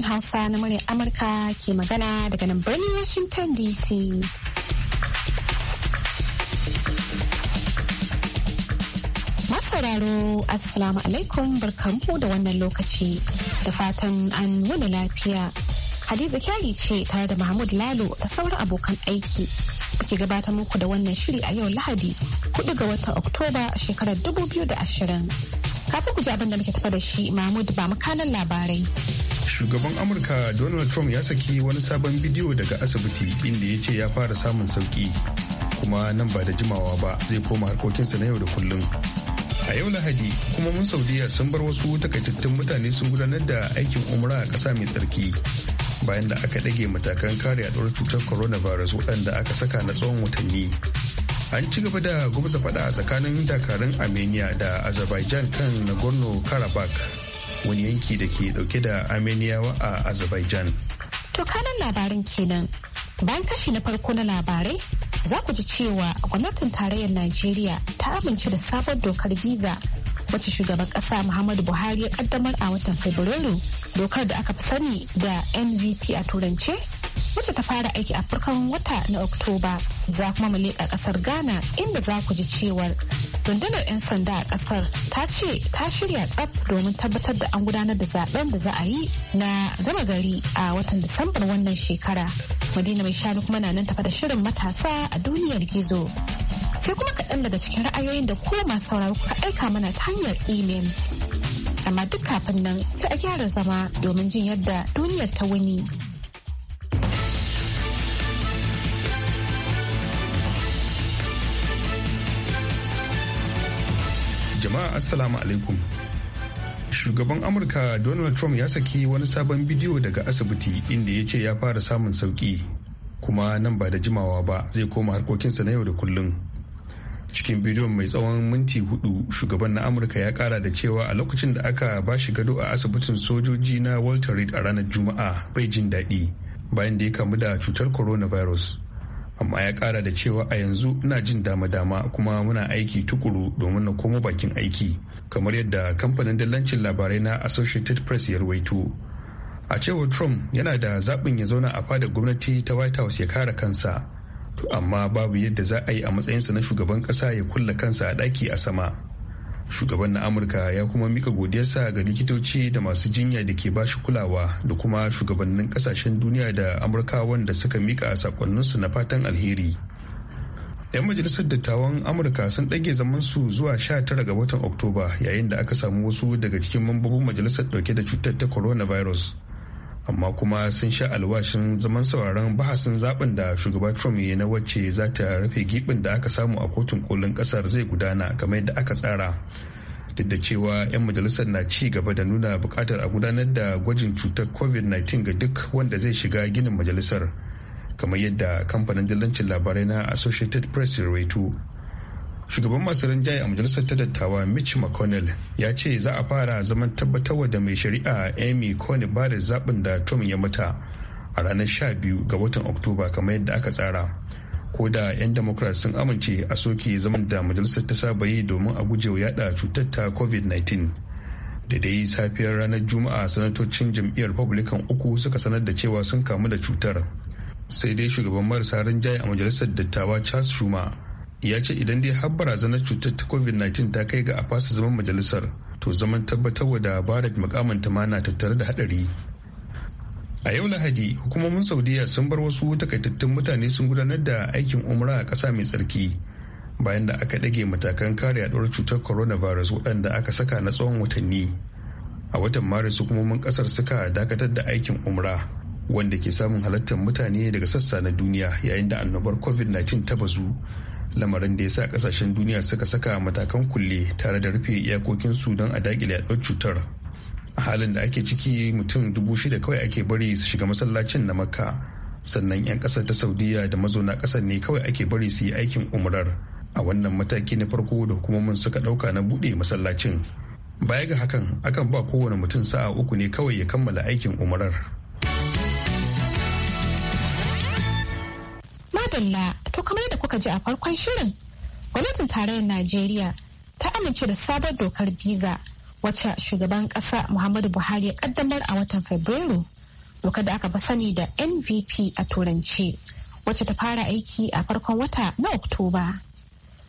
sashen Hausa na muryar Amurka ke magana daga nan birnin Washington DC. masararo Assalamu alaikum barkanku da wannan lokaci da fatan an wani lafiya. Hadiza kyali ce tare da Mahmud Lalo da sauran abokan aiki. Kuke gabata muku da wannan shiri a yau Lahadi 4 ga watan Oktoba shekarar 2020. kafin ku ji abin da muke tafa da shi Mahmud ba makanan labarai. shugaban amurka donald trump ya saki wani sabon bidiyo daga asibiti inda ya ce ya fara samun sauki kuma nan ba da jimawa ba zai koma harkokinsa na yau da kullum a yau lahadi kuma mun saudiya sun bar wasu takaitattun mutane sun gudanar da aikin umra a ƙasa mai tsarki bayan da aka ɗage matakan kare yaduwar cutar coronavirus waɗanda aka saka na tsawon watanni an ci gaba da gwamza faɗa a tsakanin dakarun armenia da azerbaijan kan nagorno karabakh wani yanki da ke dauke da armeniyawa a azerbaijan to kanan labarin kenan bayan kashi na farko na labarai za ku ji cewa gwamnatin tarayyar najeriya ta amince da sabon dokar biza wacce shugaban kasa muhammadu buhari ya kaddamar a watan fabrairu dokar da aka fi sani da nvp a turance wacce ta fara aiki a farkon wata na oktoba za kuma mu leƙa ƙasar ghana inda za ku ji cewar rundunar 'yan sanda a kasar ta ce ta shirya tsaf domin tabbatar da an gudanar da zaben da za a yi na gama gari a watan disambar wannan shekara madina mai shanu kuma na nan tafa da shirin matasa a duniyar gizo sai kuma kaɗan daga cikin ra'ayoyin da ko masu sauraro kuka aika mana ta hanyar imel amma duk kafin nan sai a gyara zama domin jin yadda duniyar ta wuni. Jama'a Assalamu alaikum. Shugaban Amurka Donald Trump ya saki wani sabon bidiyo daga asibiti inda ya ce ya fara samun sauki kuma nan ba da jimawa ba zai koma harkokinsa na yau da kullum. Cikin bidiyon mai tsawon minti hudu shugaban na Amurka ya kara da cewa a lokacin da aka ba shi gado a asibitin sojoji na Walter Reed a ranar Juma'a bai jin daɗi bayan da ya kamu da cutar coronavirus. amma ya kara da cewa a yanzu ina jin dama-dama kuma muna aiki tukuru domin na komo bakin aiki kamar yadda kamfanin dillancin labarai na associated press ya ruwaito a cewar trump yana da zaɓin ya zauna a fadar gwamnati ta white house ya kare kansa to amma babu yadda za a yi a matsayinsa na shugaban ƙasa ya kulla kansa a ɗaki a sama shugaban na amurka ya kuma mika godiyarsa ga likitoci da masu jinya da ke bashi kulawa da kuma shugabannin kasashen duniya da amurka wanda suka mika sakonninsu na fatan alheri yan majalisar dattawan amurka sun ɗage zamansu zuwa 19 ga watan oktoba yayin da aka samu wasu daga cikin mambobin majalisar dauke da cutar ta coronavirus amma kuma sun sha alwashin zaman sauraron bahasin zaben da shugaba trump ya na wacce za ta rufe gibin da aka samu a kotun kolin kasar zai gudana kamar yadda aka tsara duk da cewa 'yan majalisar na ci gaba da nuna bukatar a gudanar da gwajin cutar covid-19 ga duk wanda zai shiga ginin majalisar kamar yadda kamfanin dillancin labarai na associated press rawaito shugaban masu rinjaye a majalisar ta dattawa mitch mcconnell ya ce za a fara zaman tabbatarwa da mai shari'a amy coney da zaɓin da tom ya mata a ranar 12 ga watan oktoba kamar yadda aka tsara ko da 'yan democrat sun amince a soke zaman da majalisar ta saba yi domin a gujewa yada cutar ta covid-19 da dai safiyar ranar juma'a sanatocin jam'iyyar republican uku suka sanar da cewa sun kamu da cutar sai dai shugaban marasa rinjaye a majalisar dattawa charles schumer ya ce idan dai har barazanar cutar ta covid-19 ta kai ga a fasa zaman majalisar to zaman tabbatarwa da barat mukamanta ma na tattare da hadari a yau lahadi hukumomin saudiya sun bar wasu takaitattun mutane sun gudanar da aikin umra a kasa mai tsarki bayan da aka dage matakan kare yaduwar cutar coronavirus waɗanda aka saka na tsawon watanni a watan maris hukumomin ƙasar suka dakatar da aikin umra wanda ke samun halartar mutane daga sassa na duniya yayin da annobar covid-19 ta bazu lamarin da ya sa kasashen duniya suka saka matakan kulle tare da rufe iyakokinsu don a dakile yaɗuwar cutar a halin da ake ciki mutum dubu shida kawai ake bari su shiga masallacin na makka sannan 'yan kasar ta saudiya da mazauna kasar ne kawai ake bari su yi aikin umrar a wannan mataki na farko da hukumomin suka ɗauka na buɗe masallacin baya ga hakan akan ba kowane mutum sa'a uku ne kawai ya kammala aikin umrar. madalla to kamar yadda kuka ji a farkon shirin gwamnatin tarayyar najeriya ta amince da sabon dokar biza wacce shugaban kasa muhammadu buhari ya kaddamar a watan fabrairu dokar da aka fi sani da nvp a turance wacce ta fara aiki a farkon wata na oktoba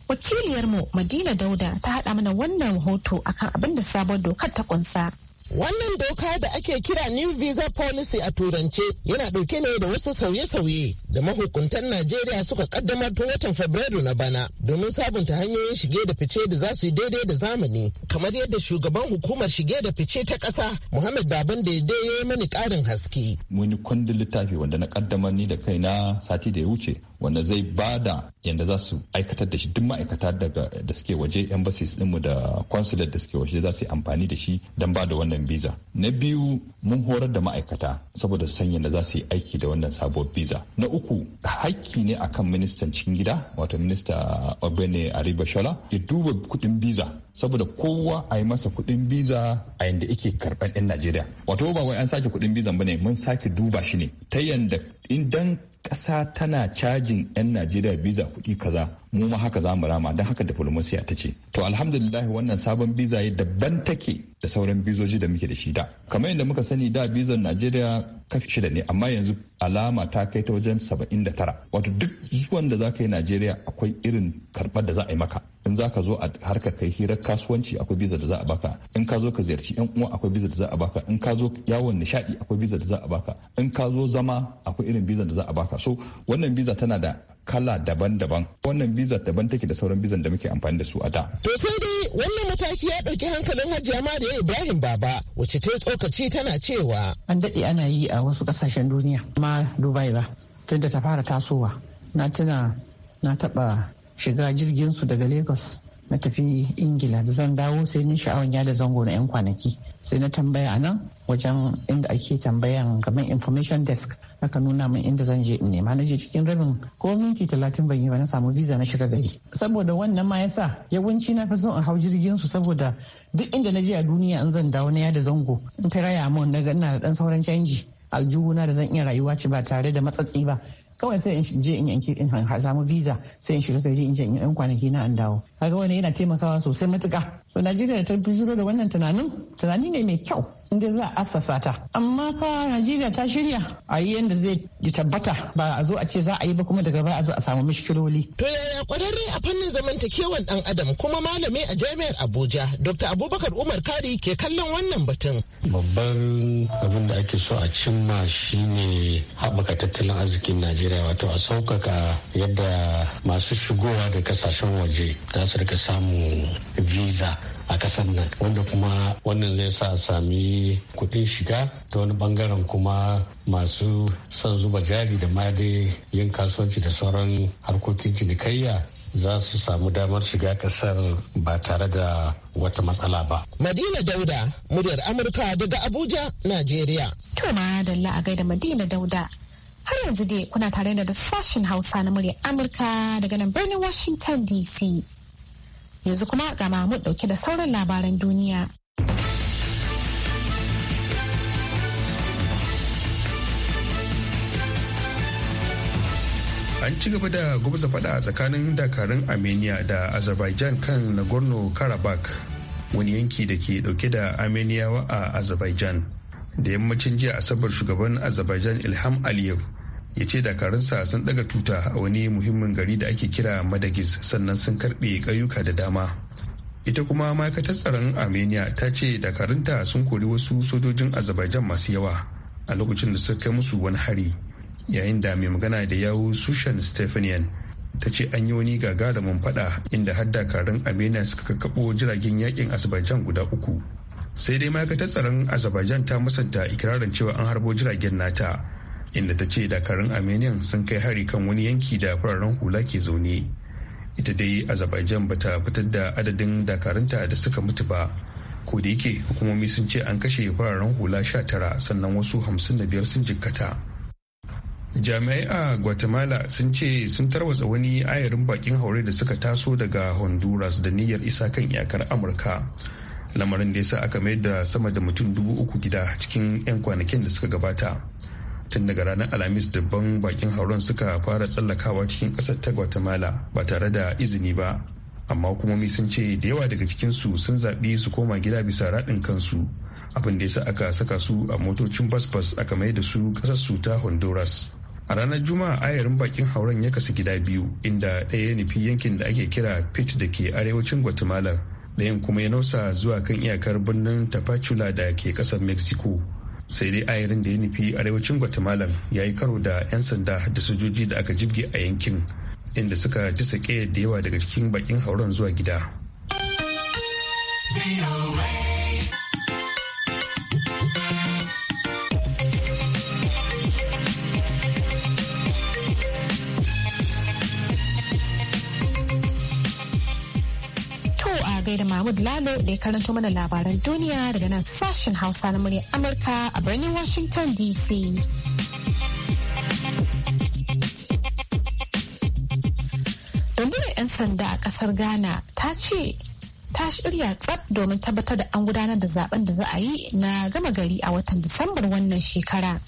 wakiliyarmu madina dauda ta haɗa mana wannan hoto akan abin da sabon dokar ta kunsa. Wannan doka da ake kira New Visa Policy a turance yana ɗauke ne da wasu sauye-sauye da mahukuntan Najeriya suka kaddamar tun watan Fabrairu na bana domin sabunta hanyoyin shige da fice da za su yi daidai da zamani. Kamar yadda shugaban hukumar shige da fice ta ƙasa Muhammad Baban da ya yi mani ƙarin haske. muni kundin littafi wanda na kaddamar ni da kaina sati da ya wuce wanda zai bada yadda za su aikatar da shi duk ma'aikata daga da suke waje embassies dinmu da consulate da suke waje za su yi amfani da shi don ba da wannan visa na biyu mun horar da ma'aikata saboda san yadda za su yi aiki da wannan sabuwar visa na uku haƙƙi ne akan ministan cikin gida wato minista obene aribashola ya duba kuɗin visa saboda kowa a yi masa kuɗin visa a yadda yake karɓar 'yan najeriya wato ba wai an sake kuɗin visa ne mun sake duba shi ne ta in idan ƙasa tana cajin 'yan najeriya biza kuɗi kaza mu ma haka za mu rama don haka diplomasiya ta ce to alhamdulillah wannan sabon biza ya daban take da sauran bizoji da muke da shi da kamar yadda muka sani da bizar najeriya kafi shida ne amma yanzu alama ta kai ta wajen saba'in da tara wato duk zuwan da za ka yi najeriya akwai irin karɓar da za a yi maka in za ka zo a harka kai hirar kasuwanci akwai biza da za a baka in ka zo ka ziyarci yan uwa akwai biza da za a baka in ka zo yawon nishadi akwai biza da za a baka in ka zo zama akwai irin biza da za a baka so wannan biza tana da kala daban-daban wannan bizar daban take da sauran bizar da muke amfani da su a da. To sai dai wannan mataki ya ɗauki hankalin Hajiya ya Ibrahim Baba wacce ta yi tsokaci tana cewa. An daɗe ana yi a wasu ƙasashen duniya ma Dubai ba tun ta fara tasowa na tuna na taɓa shiga jirgin su daga Lagos na tafi ingila da zan dawo sai ni sha'awan da zango na 'yan kwanaki sai na tambaya a nan wajen inda ake tambayan kamar information desk aka nuna min inda zan je in nema na je cikin rabin ko minti talatin ban yi ba na samu visa na shiga gari saboda wannan ma yasa yawanci na fi so in hau jirgin su saboda duk inda na je a duniya in zan dawo na ya da zango in ta raya min na ga ina da dan sauran canji aljihuna da zan iya rayuwa ci ba tare da matsatsi ba kawai sai in je in yanki in samu visa sai in shiga gari in je in yan kwanaki na an dawo kaga wani yana taimakawa sosai matuka to Najeriya ta fi da wannan tunanin tunani ne mai kyau inda za a assasa ta amma fa najeriya ta shirya a yi yadda zai tabbata ba a zo a ce za a yi ba kuma daga baya a zo a samu mishkiloli to yaya kwararre a fannin zamantakewan dan adam kuma malami a jami'ar abuja dr abubakar umar kari ke kallon wannan batun babban abin da ake so a cimma shine haɓaka tattalin arzikin najeriya wato a sauƙaƙa yadda masu shigowa da kasashen waje za su rika samun visa a ƙasar nan wanda kuma wannan zai sa sami kuɗin shiga ta wani bangaren kuma masu son zuba jari da ma dai yin kasuwanci da sauran harkokin cinikayya za su samu damar shiga kasar ba tare da wata matsala ba. Madina Dauda, muryar Amurka daga Abuja, Najeriya. To ma dalla a gaida Madina Dauda. Har yanzu dai kuna tare da sashen Hausa na muryar Amurka daga nan birnin Washington DC. Yanzu kuma ga Mahmud dauke da sauran labaran duniya. An ci gaba da faɗa fada tsakanin dakarun Armenia da Azerbaijan kan Nagorno-Karabakh wani yanki da ke dauke da Armeniyawa a Azerbaijan. Da yammacin jiya Asabar shugaban Azerbaijan Ilham Aliyev ya ce dakarunsa sun daga tuta a wani muhimmin gari da ake kira madagis sannan sun karbe ƙauyuka da dama ita kuma ma'aikatar tsaron armenia ta ce dakarunta sun kori wasu sojojin azerbaijan masu yawa a lokacin da suka kai musu wani hari yayin da mai magana da yawu sushan stephanian ta ce an yi wani gagarumin fada inda har dakarun armenia suka kakkaɓo jiragen yakin azerbaijan guda uku sai dai ma'aikatar tsaron azerbaijan ta musanta ikirarin cewa an harbo jiragen nata inda ta ce dakarun armenian sun kai hari kan wani yanki da fararen hula ke zaune ita dai azerbaijan ta fitar da adadin dakarunta da suka mutu ba ko da yake hukumomi sun ce an kashe fararen hula 19 sannan wasu 55 sun jikkata jami'ai a guatemala sun ce sun tarwatsa wani ayarin bakin haure da suka taso daga honduras da niyyar isa kan iyakar amurka lamarin da ya sa aka mayar da sama da mutum dubu uku gida cikin 'yan kwanakin da suka gabata tun daga ranar alhamis dubban bakin hauron suka fara tsallakawa cikin ƙasar ta guatemala ba tare da izini ba amma hukumomi sun ce da yawa daga cikinsu sun zaɓi su koma gida bisa raɗin kansu abin da ya sa aka saka su a motocin basbas aka mai da su su ta honduras a ranar juma'a ayarin bakin hauren ya kasu gida biyu inda ɗaya ya nufi yankin da ake kira pit da ke arewacin guatemala ɗayan kuma ya nausa zuwa kan iyakar birnin tapachula da ke ƙasar mexico sai dai ayarin da ya nufi arewacin guatemala ya yi karo da 'yan sanda da sojoji da aka jibge a yankin inda suka ji sake da yawa daga cikin bakin hauren zuwa gida. da Mahmud Lalo da ya karanto mana labaran duniya daga nan sashen Hausa na murya Amurka a birnin Washington DC. Rundunar 'yan sanda a kasar Ghana ta ce ta shirya tsab domin tabbatar da an gudanar da zaben da za a yi na gama gari a watan Disambar wannan shekara.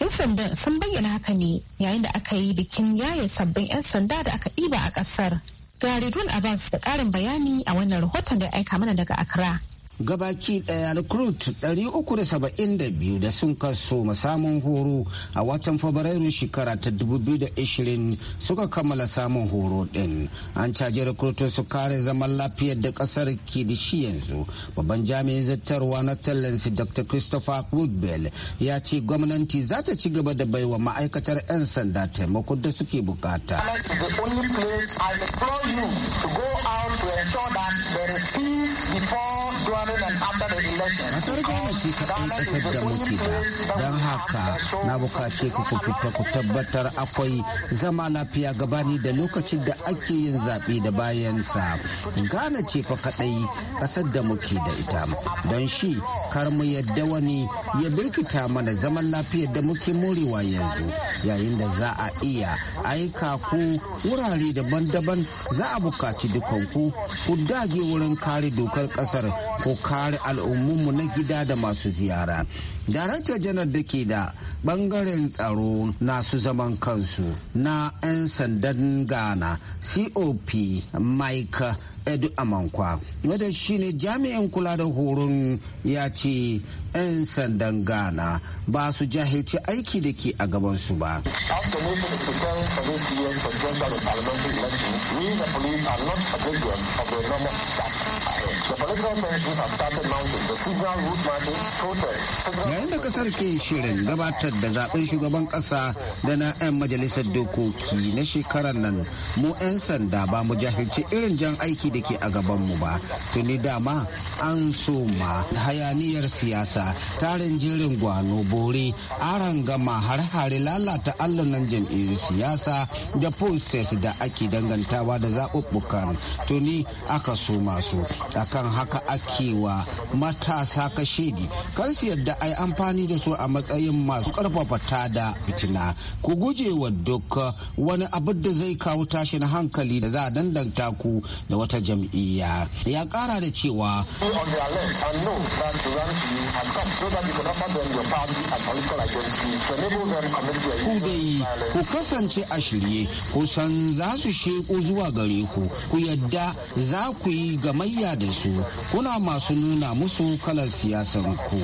'Yan sandan sun bayyana haka ne yayin da aka yi bikin yaye sabbin 'yan sanda da aka ɗiba a ƙasar. Ga Ridwan Abbas da ƙarin bayani a wannan rahoton da ya aika mana daga Accra. gabaki daya recruit 372 da sun kaso samun horo a watan fabrairu shekara ta 2020 suka kammala samun horo din an caji rikrutun su kare zaman lafiyar da kasar ke da shi yanzu babban jami'in zattarwa na tallansi dr christopher woodbell ya ce gwamnati za ta ci gaba da baiwa ma'aikatar 'yan sanda taimako da suke bukata. to go out to ensure that there is Masar Ghana ce kaɗan ƙasar da muke da don haka na bukace ku ku tabbatar akwai zama lafiya gabani da lokacin da ake yin zaɓe da bayan sa gane ce fa kaɗai ƙasar da muke da ita don shi kar mu yadda wani ya birkita mana zaman lafiyar da muke morewa yanzu yayin da za a iya aika ku wurare daban-daban za a bukaci dukanku ku dage wurin kare dokar ƙasar ko kare al'ummu mu na gida da masu ziyara darakta janar da ke da bangaren tsaro na su zaman kansu na 'yan sandan ghana cop mike edu amankwa wadda shine jami'in kula da horon ya ce 'yan sandan ghana ba su jahilci aiki da ke a gabansu ba We, the police, are not of the Yayin da kasar ke shirin gabatar da zaben shugaban kasa da na 'yan majalisar dokoki na shekarar nan mu 'yan sanda ba mu jahilci irin jan aiki da ke a gabanmu ba. Tuni dama an soma hayaniyar siyasa tarin jerin gwano bore aran gama har hare lalata allunan jam'iyyar siyasa da postes da ake dangantawa da zaɓuɓɓukan tuni aka so masu akan haka ake wa matasa kashedi kar su yadda ai amfani da su a matsayin masu karfafa tada fitina ku guje wa duk wani abu da zai kawo tashin hankali da za a dandanta ku da wata jam'iyya ya kara da cewa ku dai ku kasance a shirye kusan za su sheko zuwa gare ku ku yadda za ku yi gamayya da da su kuna masu nuna musu kalar siyasan ku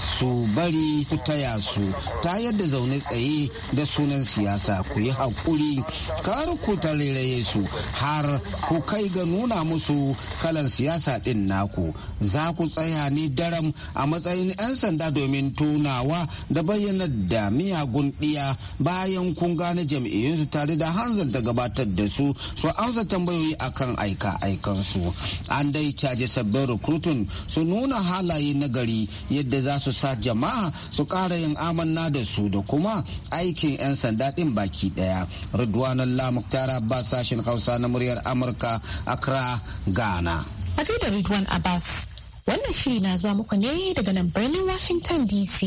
su bari ku taya su ta yadda zaune tsaye da sunan siyasa ku yi haƙuri kar ku tareraye su har ku kai ga nuna musu kalan siyasa ɗin naku za ku tsaya ni daram a matsayin 'yan sanda domin tunawa da bayyana da miyagun ɗiya bayan kun gane jam'iyyunsu tare da hanzar da gabatar da su su amsa tambayoyi akan aika aikansu an dai caje sabbin rikrutun su nuna halaye na gari yadda za su sa jama'a su kara yin amanna da su da kuma aikin 'yan sanda ɗin baki ɗaya ridwanan lamuktara ba sashen hausa na muryar amurka accra ghana a da ridwan abbas wannan shiri na zuwa muku ne daga nan birnin washington dc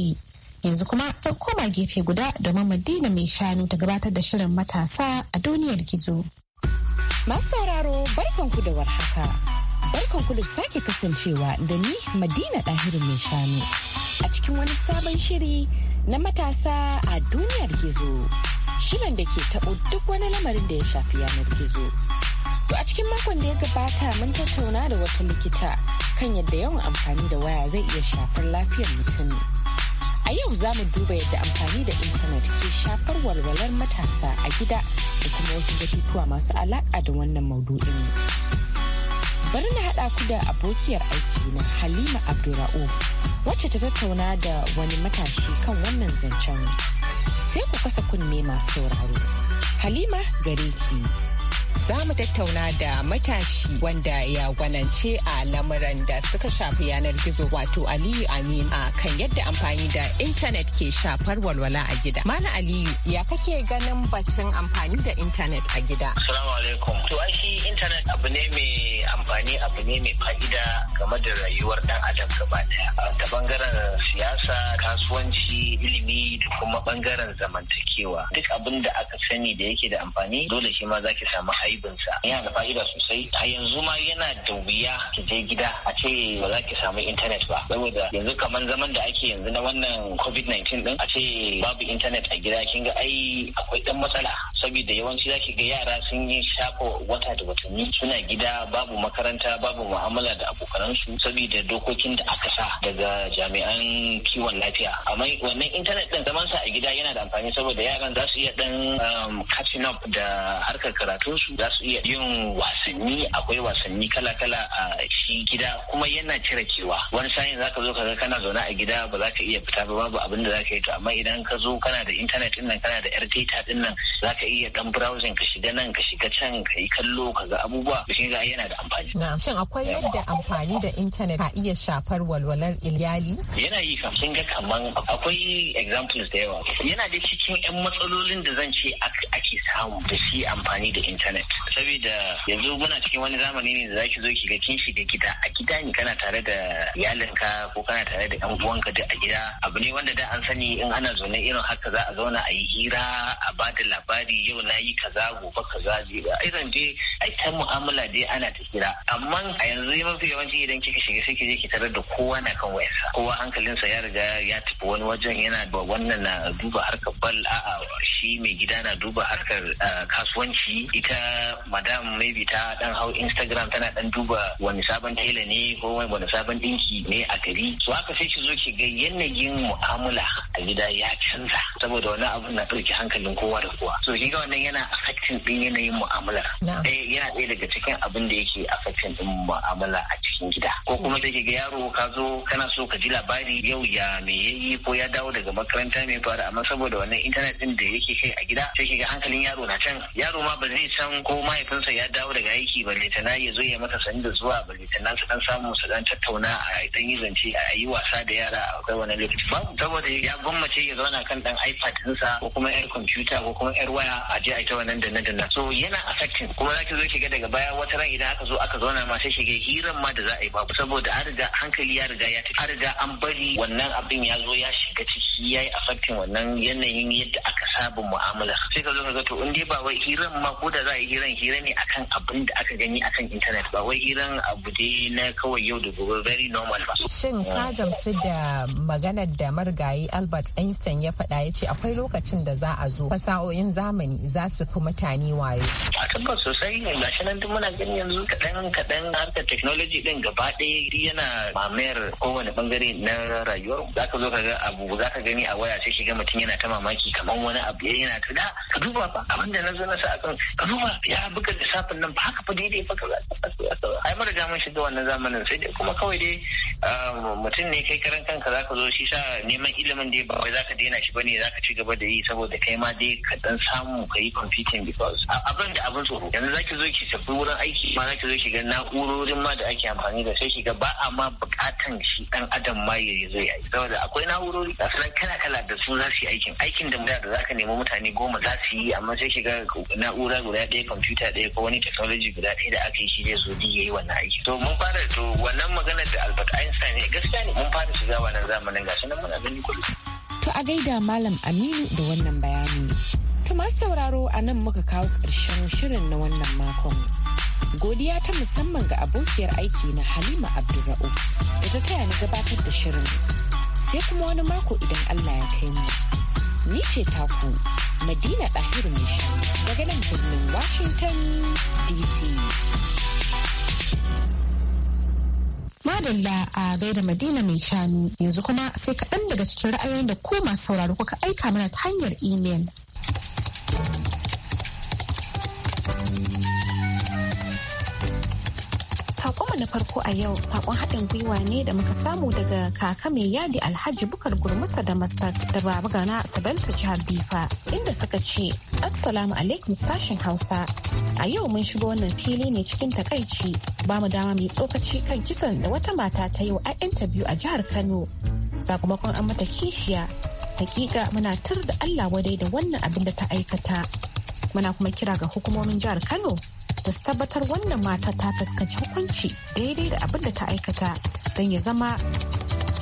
yanzu kuma zan koma gefe guda domin madina mai shanu ta gabatar da shirin matasa a duniyar gizo. Masu sauraro barkanku da warhaka. barkan ku da sake kasancewa da ni Madina Dahiru mai shanu a cikin wani sabon shiri na matasa a duniyar gizo. Shirin da ke taɓo duk wani lamarin da ya shafi yanar gizo. To a cikin makon da ya gabata mun tattauna da wata likita kan yadda yawan amfani da waya zai iya shafar lafiyar mutum. A yau za mu duba yadda amfani da intanet ke shafar walwalar matasa a gida da kuma wasu batutuwa masu alaƙa da wannan maudu'in. bari na haɗa ku da abokiyar aiki na halima Abdurra'u wacce ta tattauna da wani matashi kan wannan zancen sai ku kasa kunne masu sauraro halima gare ki. za mu tattauna da matashi wanda ya gwanance a lamuran da suka shafi yanar gizo wato aliyu amin a kan yadda amfani da intanet ke shafar walwala a gida mana aliyu ya kake ganin batun amfani da intanet a gida assalamu alaikum to aiki, shi intanet abu ne mai amfani abu ne mai fa'ida game da rayuwar dan adam gaba daya ta bangaren siyasa kasuwanci ilimi da kuma bangaren zamantakewa duk abin da aka sani da yake da amfani dole shi ma zaki samu aibinsa yana da fa'ida sosai a yanzu ma yana da wuya ki je gida a ce ba za ki samu intanet ba saboda yanzu kamar zaman da ake yanzu na wannan covid-19 din a ce babu intanet a gida kin ga ai akwai dan matsala saboda yawanci zaki ga yara sun yi shafa wata da watanni suna gida babu makaranta babu mu'amala da abokanansu saboda dokokin da aka sa daga jami'an kiwon lafiya amma wannan intanet din zaman sa a gida yana da amfani saboda yaran za su iya dan um, catching up da harkar su za su iya yin wasanni akwai wasanni kala-kala a shi gida kuma yana cire kewa wani sa'in zaka zo ka ga kana zaune a gida ba za ka iya fita ba babu abin da za ka yi to amma idan ka zo kana da intanet din nan kana da yar data din nan za ka iya dan browsing ka shiga nan ka shiga can ka yi kallo ka ga abubuwa shi ga yana da amfani Na shin akwai yadda amfani da intanet ka iya shafar walwalar iyali yana yi kam sun ga kaman akwai examples da yawa yana da cikin yan matsalolin da zan ce ake samu da shi amfani da intanet saboda yanzu muna cikin wani zamani ne da zaki zo ki ga kin shiga gida a gida ne kana tare da ka ko kana tare da yan uwanka duk a gida abu ne wanda da an sani in ana zaune irin haka za a zauna a yi hira a ba da labari yau na yi kaza gobe kaza irin dai a ta mu'amala dai ana ta hira amma a yanzu mafi yawanci idan kika shiga sai ki je ki tarar da kowa na kan wayarsa kowa hankalinsa ya riga ya tafi wani wajen yana da wannan na duba harkar bal a'a shi mai gida na duba harkar ah, kasuwanci ita madam maybe ta dan hau instagram tana dan duba wani sabon tela ne ko wani sabon dinki ne a gari so haka sai ki zo ki ga yanayin mu'amala a gida ya canza saboda wani abu na ɗauki hankalin kowa da kowa so kinga wannan yana affecting din yanayin mu'amalar eh, yana daya daga cikin abin da yake affecting din mu'amala a cikin cikin gida ko kuma sai ke yaro ka zo kana so ka ji labari yau ya me yayi ko ya dawo daga makaranta mai fara amma saboda wannan intanet din da yake kai a gida sai ga hankalin yaro na can yaro ma ba zai san ko mahaifinsa ya dawo daga aiki Ba litana ya zo ya masa sani da zuwa Ba litana su dan samu su dan tattauna a dan yi zance a yi wasa da yara a kai wannan lokaci babu saboda ya gwammace ya zauna kan dan iPad dinsa ko kuma yar kwamfuta ko kuma yar waya a je a ita wannan da nan so yana affecting kuma zaki zo ki ga daga baya wata ran idan aka zo aka zauna ma sai ki ga hiran ma da za a yi ba saboda an riga hankali ya riga ya tafi an riga an bari wannan abin ya zo ya shiga ciki ya yi affecting wannan yanayin yadda aka saba mu'amala sai ka zo ka ga to in dai ba wai hiran ma ko da za a yi hiran hira ne akan abin da aka gani akan intanet ba wai hiran abu da na kawai yau da gobe very normal ba. Shin ka ah. gamsu da maganar da marigayi Albert Einstein ya faɗa ya ce akwai lokacin da za a zo fasa'o'in zamani za su fi mutane wayo. A tabbas sosai gashi nan duk muna gani yanzu kaɗan kaɗan harkar technology filin gaba ɗaya yana mamayar kowane bangare na rayuwar za ka zo ka ga abu za ka gani a waya sai shiga mutum yana ta mamaki kamar wani abu ya yana ta da ka duba ba abin da na zo na sa a kan ka duba ya buga lissafin nan ba haka fa daidai fa kaza ai mun riga shiga wannan zamanin sai dai kuma kawai dai mutum ne kai karan kanka za ka zo shi sa neman ilimin da ba wai za ka daina shi bane za ka ci gaba da yi saboda kai ma dai ka dan samu ka yi computing because abin da abin tsoro yanzu za ki zo ki tafi wurin aiki ma za ki zo ki ga na'urorin ma da ake amfani da sai ki ga ba a ma bukatan shi dan adam ma ya zo ya yi saboda akwai na'urori a sanan kala kala da su za su yi aikin aikin da da za ka nemi mutane goma za su yi amma sai ki ga na'ura guda ɗaya computer ɗaya ko wani technology guda ɗaya da aka yi shi zai zo ya yi wannan aiki to mun fara to wannan maganar da Albert yasa ne gaskiya ne mun fara shiga wannan zamanin gashi nan muna gani kullum. To a gaida Malam Aminu da wannan bayani. To masu sauraro a nan muka kawo ƙarshen shirin na wannan makon. Godiya ta musamman ga abokiyar aiki na Halima Abdulra'u da ta taya ni gabatar da shirin. Sai kuma wani mako idan Allah ya kai mu. Ni ce taku Madina Ɗahiru Mishi daga nan birnin Washington DC. Adalla a gaida madina mai shanu yanzu kuma sai kaɗan daga cikin ra'ayoyin da ko masu sauraro kuka aika mana ta hanyar imel. Sakonmu na farko a yau sakon haɗin gwiwa ne da muka samu daga kaka mai yadi Alhaji Bukar Gurmusa da Masak da Baba Gana sabanta jihar Difa inda suka ce Assalamu alaikum sashen Hausa. A yau mun shiga wannan fili ne cikin takaici ba mu dama mai tsokaci kan kisan da wata mata ta yi wa 'ya'yanta biyu a jihar Kano. Sakamakon an mata kishiya hakika muna tur da Allah wadai da wannan abin da ta aikata. Muna kuma kira ga hukumomin jihar Kano da su tabbatar wannan mata ta fuskanci hukunci daidai da abin da ta aikata don ya zama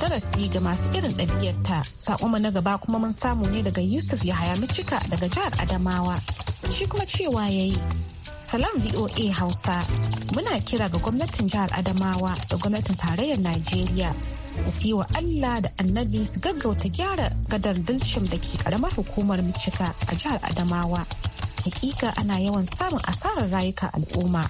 darasi ga masu irin ɗabi'arta sakoma na gaba kuma mun samu ne daga yusuf yahaya micika daga jihar adamawa shi kuma cewa ya yi salam voa hausa muna kira ga gwamnatin jihar adamawa da gwamnatin tarayyar najeriya da su yi wa allah da annabi su gaggauta gyara gadar dulcim da ke karamar hukumar micika a jihar adamawa hakika ana yawan samun asarar rayuka al'umma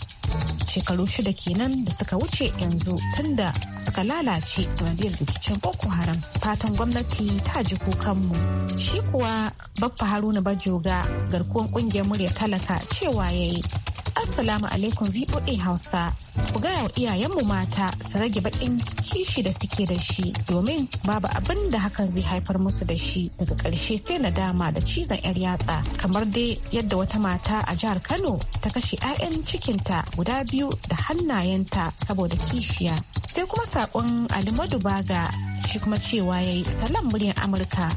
shekaru shida kenan da suka wuce yanzu tunda suka lalace sanadiyar rikicin boko haram fatan gwamnati ta ji kukanmu shi kuwa babba haruna bajoga garkuwan kungiyar murya talaka cewa ya yi. Assalamu alaikum VOA Hausa. Ku gaya wa iyayenmu mata su rage bakin kishi da suke da shi domin babu abin da hakan zai haifar musu da shi daga ƙarshe sai nadama da cizon 'yar yatsa kamar dai yadda wata mata a jihar Kano ta kashe 'ya'yan cikinta guda biyu da hannayenta saboda kishiya. Sai kuma saƙon Ali Madubaga shi kuma cewa ya yi salam muryar Amurka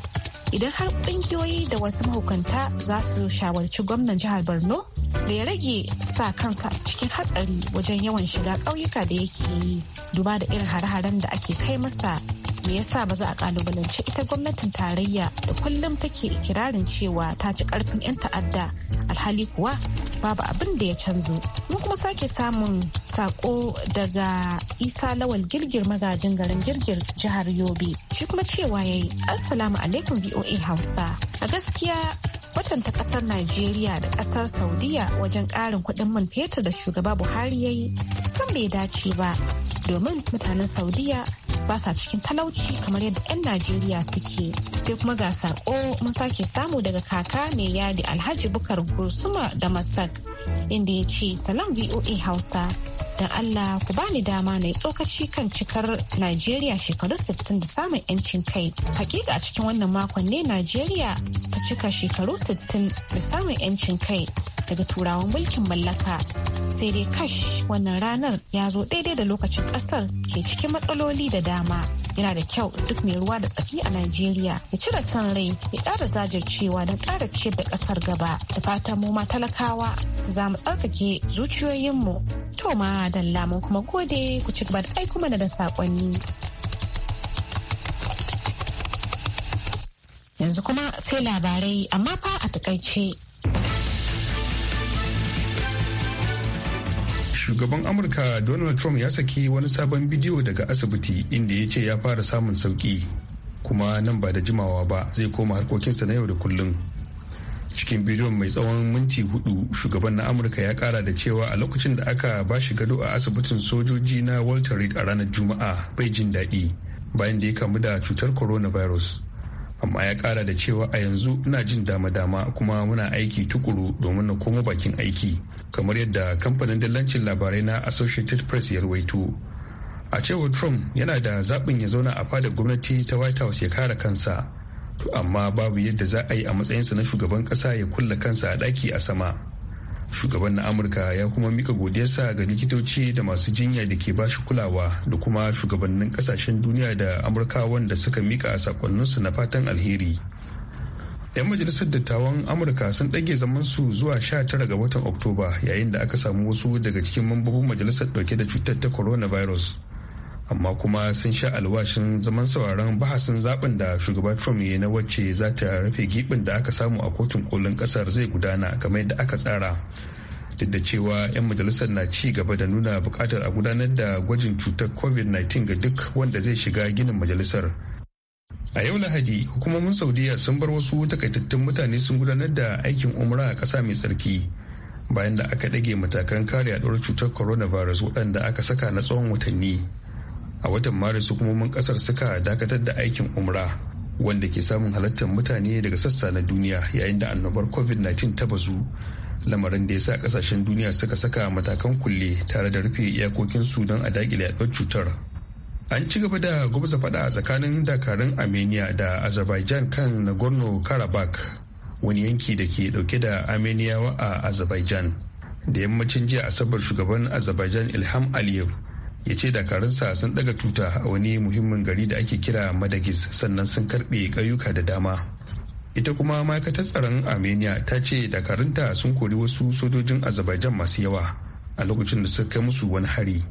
idan har kungiyoyi da wasu mahukunta za su shawarci gwamnan jihar borno da ya rage sa kansa cikin hatsari wajen yawan shiga ƙauyuka da yake yi duba da irin hare-haren da ake kai masa me yasa ba za a kalubalance ita gwamnatin tarayya da kullum take ikirarin cewa ta ci karfin 'yan ta'adda alhali kuwa babu abin da ya canzo mun kuma sake samun sako daga isa lawal girgir magajin garin girgir jihar yobe shi kuma cewa yayi assalamu alaikum voa hausa a gaskiya kwatanta kasar Najeriya da kasar Saudiya wajen karin kudin man fetur da shugaba Buhari ya yi san bai dace ba domin mutanen Saudiya ba sa cikin talauci kamar yadda 'yan Najeriya suke. Sai kuma ga sako mun sake samu daga kaka mai yadi Alhaji Bukar Gursuma da Masak inda ya ce salam VOA Hausa. Don Allah ku bani dama na tsokaci kan cikar Najeriya shekaru 60 da samun 'yancin kai. Hakika a cikin wannan makon ne Najeriya ta cika shekaru 60 da samun 'yancin kai. daga turawan mulkin mallaka sai dai kash wannan ranar ya zo daidai da lokacin kasar. ke cikin matsaloli da dama yana da kyau duk mai ruwa da tsaki a Najeriya ya cire son rai ya ƙara zajircewa don ƙara ciyar da ƙasar gaba da fatan mu ma talakawa za mu tsarkake zuciyoyinmu to ma dan lamun kuma gode ku ci gaba da aiko mana da sakonni. Yanzu kuma sai labarai amma fa a takaice. shugaban amurka donald trump ya saki wani sabon bidiyo daga asibiti inda ya ce ya fara samun sauki kuma nan ba da jimawa ba zai koma harkokinsa na yau da kullum cikin bidiyon mai tsawon minti hudu shugaban na amurka ya kara da cewa a lokacin da aka ba shi gado a asibitin sojoji na walter reed a ranar juma'a bai jin daɗi bayan da ya kamu da cutar coronavirus amma ya kara da cewa a yanzu ina jin dama-dama kuma muna aiki tukuru domin na koma bakin aiki kamar yadda kamfanin dillancin labarai na associated press ya ruwaito a cewar trump yana da zaɓin ya zauna a fadar gwamnati ta white house ya kare kansa to amma babu yadda za a yi a matsayinsa na shugaban ƙasa ya kulla kansa a ɗaki a sama shugaban na amurka ya kuma mika godiyarsa ga likitoci da masu jinya da ke ba shi kulawa da kuma shugabannin ƙasashen duniya da amurka wanda suka mika sakonninsu na fatan alheri 'yan majalisar dattawan amurka sun ɗage zamansu zuwa 19 ga watan oktoba yayin da aka samu wasu daga cikin mambobin majalisar ɗauke da cutar ta coronavirus amma kuma sun sha alwashin zaman sauraron bahasin zaben da shugaba trump ya na wacce za ta rufe gibin da aka samu a kotun kolin ƙasar zai gudana game da aka tsara duk da cewa 'yan majalisar na ci gaba da nuna bukatar a gudanar da gwajin cutar covid-19 ga duk wanda zai shiga ginin majalisar a yau lahadi hukumomin saudiya sun bar wasu takaitattun mutane sun gudanar da aikin umra a ƙasa mai tsarki bayan da aka ɗage matakan kare yaduwar cutar coronavirus waɗanda aka saka na tsawon watanni a watan maris hukumomin ƙasar suka dakatar da aikin umra wanda ke samun halartar mutane daga sassa na duniya yayin da annobar covid-19 ta bazu lamarin da ya sa ƙasashen duniya suka saka matakan kulle tare da rufe iyakokinsu don a daƙile yaduwar cutar an ci gaba da gubza fada tsakanin dakarun armenia da azerbaijan kan nagorno karabakh wani yanki da ke dauke da armeniyawa a azerbaijan da yammacin jiya asabar shugaban azerbaijan ilham aliyev ya ce dakarunsa sun daga tuta a wani muhimmin gari da ake kira madagis sannan sun karbe kayuka da dama ita kuma ma'aikatar tsaron armenia ta ce dakarunta sun kori wasu sojojin azerbaijan masu yawa a lokacin da suka kai musu wani hari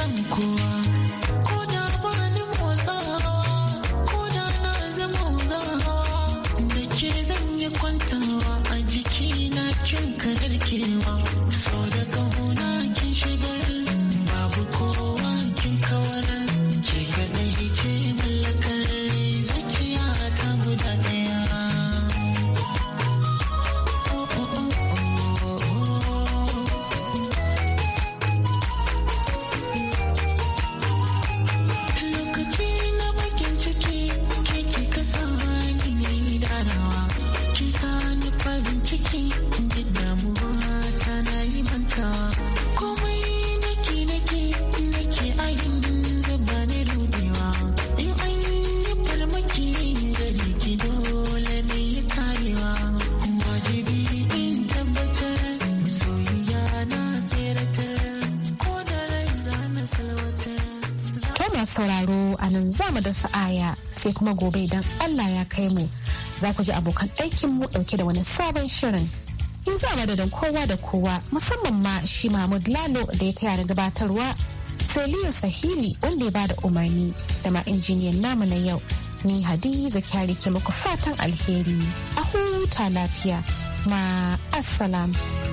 son kowa sauraro a nan za mu da sa'aya sai kuma gobe idan Allah ya kai mu za ku ji abokan aikin mu dauke da wani sabon shirin. In za madadin kowa da kowa musamman ma shi Mahmud Lalo da ya taya da gabatarwa sai Liyu Sahili wanda ya bada umarni da ma injiniyan namu na yau. Ni Hadiza Kyari ke muku fatan alheri a huta lafiya ma assalam.